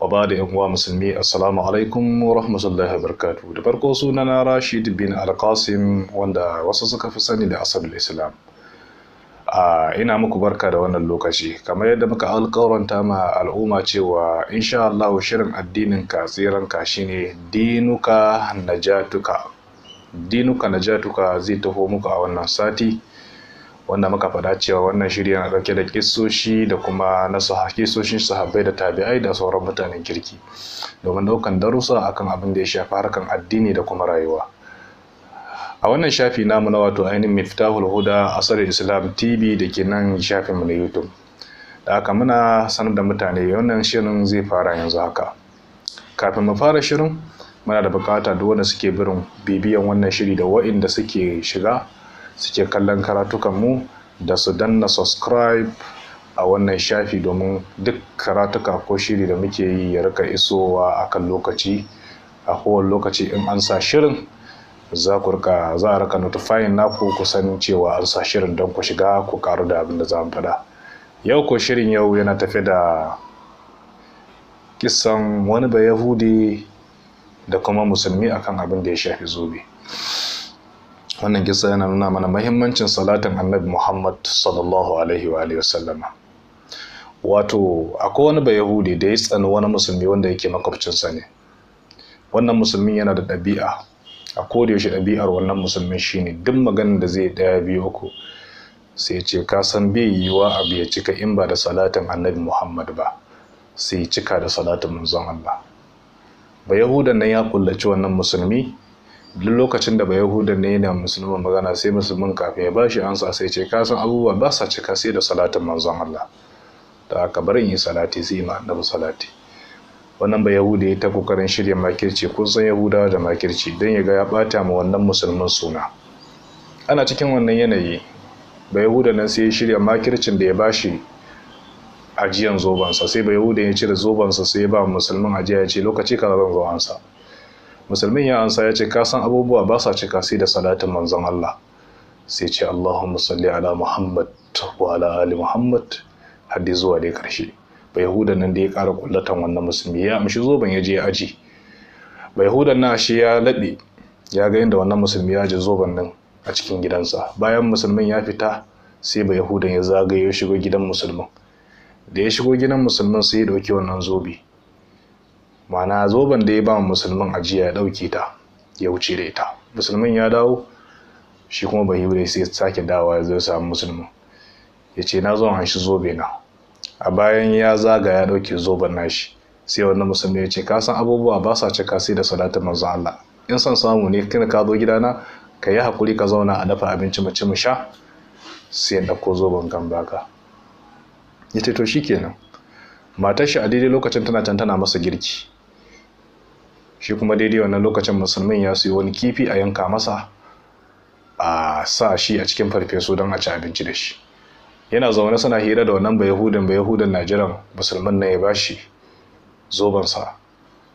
wa da yan uwa musulmi assalamu alaikum wa rahmatullahi barkatu da farko suna na rashid bin alkasim wanda wasu suka fi sani da asadul islam a ina muku barka da wannan lokaci kamar yadda muka alkawaranta ma al'umma cewa insha Allah shirin addinin ka tsiran ka shine dinuka najatuka dinuka najatuka zai taho muku a wannan sati wanda muka faɗa cewa wannan shirya na ɗauke da kisoshi da kuma na kisoshin sahabbai da tabi'ai da sauran mutanen kirki domin ɗaukan darussa akan abin da ya shafi harkan addini da kuma rayuwa a wannan shafi namu na wato ainihin miftahul huda asar islam tv da ke nan shafin mu na youtube da aka muna sanar da mutane wannan shirin zai fara yanzu haka kafin mu fara shirin muna da bukata duk wanda suke birin bibiyan wannan shiri da wa'inda suke shiga suke kallon karatukanmu da su danna subscribe a wannan shafi domin duk karatuka ko shiri da muke yi ya rika isowa a kan lokaci a kowane lokaci in an sa shirin za ku rika za a rika notifying naku ku san cewa an sa shirin don ku shiga ku karu da abin da za mu faɗa yau ko shirin yau yana tafi da kisan wani bayahudi da kuma musulmi akan abin da ya shafi zobe wannan kisa yana nuna mana mahimmancin salatin annabi muhammad sallallahu alaihi wa wato akwai wani bayahudi da ya tsani wani musulmi wanda yake makwabcinsa ne wannan musulmin yana da ɗabi'a a yaushe ɗabi'ar wannan musulmin ne duk maganin da zai ɗaya biyu uku sai ce ka san bai yiwuwa abu ya cika in ba da salatin annabi muhammad ba sai cika da salatin manzon allah ba yahudan nan ya kullaci wannan musulmi duk lokacin da bayahudan ne yana musulmin magana sai musulmin kafin ya ba bashi ansa sai ce kasan san abubuwa ba sa cika sai da salatin manzon Allah da aka barin yi salati sai ma annabi salati wannan ba yahuda ya ta kokarin shirya makirci kun san yahudawa da makirci don ya ga ya bata ma wannan musulmin suna ana cikin wannan yanayi ba yahuda nan sai ya shirya makircin da ya bashi ajiyan zobansa sai ba yahuda ya cire zobansa sai ya ba musulmin ajiya ya ce lokaci kaza zan zo ansa musulmin ya ansa ya ce ka san abubuwa ba sa cika sai da salatin manzon Allah sai ce Allahumma salli ala Muhammad wa ala ali Muhammad har da zuwa dai karshe ba yahudan nan da ya ƙara kullatan wannan musulmi ya amshi zoben ya je aji ba yahudan na shi ya laɓe ya ga yadda wannan musulmi ya ji zoben nan a cikin gidansa bayan musulmin ya fita sai ba yahudan ya zagaye ya shigo gidan musulmin da ya shigo gidan musulmin sai ya ɗauki wannan zobe ma'ana zoben da ya ba musulmin ajiya ya ɗauke ta ya wuce da ita musulmin ya dawo shi kuma bai bahibre sai sake dawa ya zai samu musulmin ya ce na zuwa hanshi zobe na a bayan ya zaga ya ɗauke zoben nashi sai wannan musulmi ya ce ka san abubuwa ba sa cika sai da salatin manzon Allah in san samu ne kina ka zo gidana ka yi hakuri ka zauna a dafa abinci mu ci mu sha sai ya ɗauko zoben kan baka ya ce to kenan. matar shi a daidai lokacin tana tantana masa girki shi kuma daidai wannan lokacin musulmin ya siyo wani kifi a yanka masa a sa shi a cikin farfesu don a ci abinci da shi yana zaune suna hira da wannan bayahudan bayahudan na jiran musulmin na ya bashi zobansa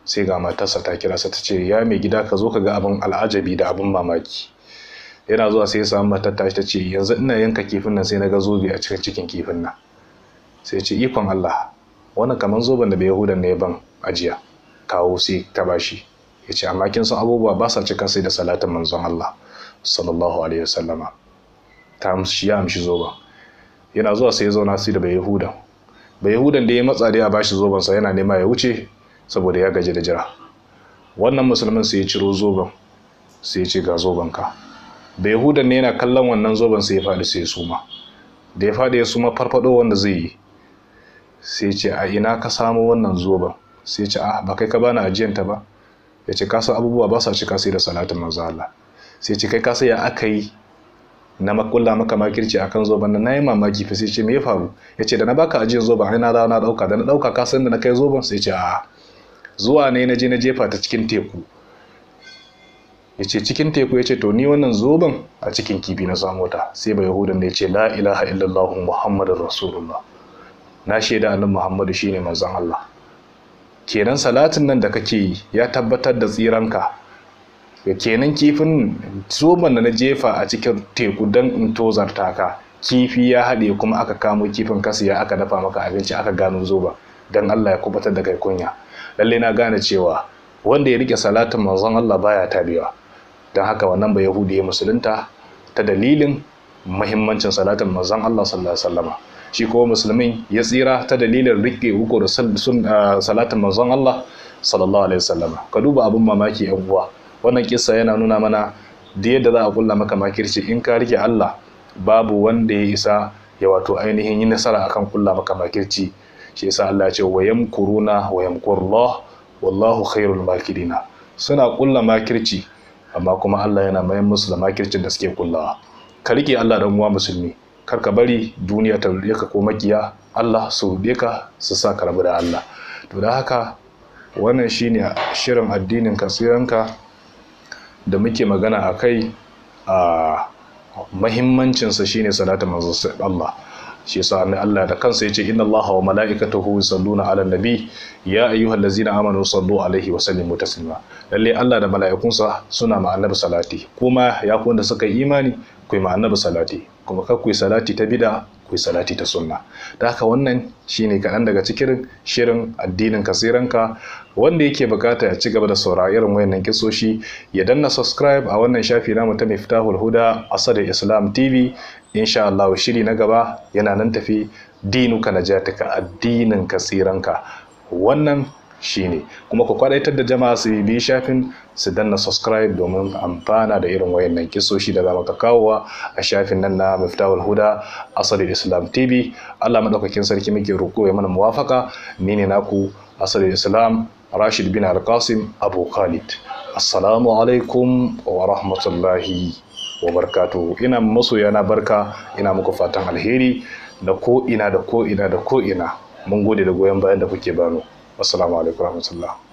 sai ga matarsa ta kira sa ta ce ya mai gida ka zo ka ga abin al'ajabi da abin mamaki yana zuwa sai ya samu matar ta ta ce yanzu ina yanka kifin nan sai na ga zobe a cikin cikin kifin nan sai ce ikon Allah wannan kamar zoben da bayahudan ne ban ajiya kawo sai ta bashi ya ce amma kin san abubuwa ba sa cikin sai da salatin manzon Allah sallallahu alaihi wasallama ta amshi ya amshi zoban yana zuwa sai ya zauna sai da bai bayahudan da ya matsa da ya bashi zoban sa yana nema ya wuce saboda ya gaji da jira wannan musulmin sai ya ciro zoban sai ya ce ga zoban ka bai ne yana kallon wannan zoban sai ya faɗi sai ya suma da ya faɗi ya suma farfaɗo wanda zai yi sai ce a ina ka samo wannan zoban sai ya ce a ba kai ka bani ajiyan ta ba ya ce ka abubuwa ba sa cika sai da salatin manzo Allah sai ya ce kai ka ya aka yi na makulla maka makirci akan zoban nan yi mamaki fa sai ce me ya faru yace da na baka ajiyar zoban ai na rawa na dauka da na dauka ka da na kai zoban sai ce a zuwa ne na je na jefa ta cikin teku Ya ce cikin teku ya ce to ni wannan zoban a cikin kifi na samu ta sai ba yahudan da ce la ilaha illallah muhammadur rasulullah na shaida annabi muhammadu shine manzon Allah kenan salatin nan da kake yi ya tabbatar da tsiranka kenan kifin zoban da na jefa a cikin teku don in tozarta ka kifi ya haɗe kuma aka kamo kifin kasiya aka dafa maka abinci aka gano zoba don Allah ya kubatar da kai kunya lalle na gane cewa wanda ya rike salatin manzon Allah baya tabewa don haka wannan ba yahudi ya musulunta ta dalilin mahimmancin salatin manzon Allah sallallahu alaihi wasallama shi ko musulmin ya tsira ta dalilin rike uku da ah, salatin manzon Allah sallallahu alaihi wasallam ka duba abin mamaki yan uwa wannan kissa yana nuna mana da yadda za a kulla maka makirci in ka rike Allah babu wanda ya isa ya wato ainihin yi nasara akan kulla maka makirci shi yasa Allah ya ce wa yamkuruna wa yamkurullah wallahu khairul makirina suna kulla makirci amma kuma Allah yana mayan musu da makircin da suke kullawa ka rike Allah dan uwa musulmi kar ka bari duniya ta ruɗe ka ko makiya Allah su ruɗe ka su sa ka rabu da Allah to da haka wannan shine shirin addinin kasiranka da muke magana a kai a mahimmancinsa shine salatu manzo Allah shi yasa annabi Allah da kansa yace inna Allaha wa mala'ikatahu yusalluna 'alan nabi ya ayyuhallazina amanu sallu alaihi wa sallimu taslima lalle Allah da mala'ikunsa suna ma annabi salati kuma ya ku wanda suka yi imani ku yi ma salati kuma kar ku yi salati ta bida ku yi salati ta sunna da haka wannan shine kaɗan daga cikin shirin addinin kasiranka wanda yake bukata ya ci gaba da saurara irin wayannan kisoshi ya danna subscribe a wannan shafi namu ta miftahul huda asad islam tv insha Allah shiri na gaba yana nan tafi dinuka najatuka addinin kasiranka wannan shine kuma ku kwadaitar da jama'a su bi shafin su danna subscribe domin amfana da irin wayannan kisoshi da za mu kawowa a shafin nan na Miftahul Huda asali Islam TV Allah madaukakin sarki muke roƙo ya mana muwafaka ni ne naku Asalul Islam Rashid bin Al-Qasim Abu Khalid Assalamu alaikum wa rahmatullahi wa barkatu ina masoya na barka ina muku fatan alheri da ko ina da ko ina da ko ina mun gode da goyon bayan da kuke bano wassalamu alaikum warahmatullahi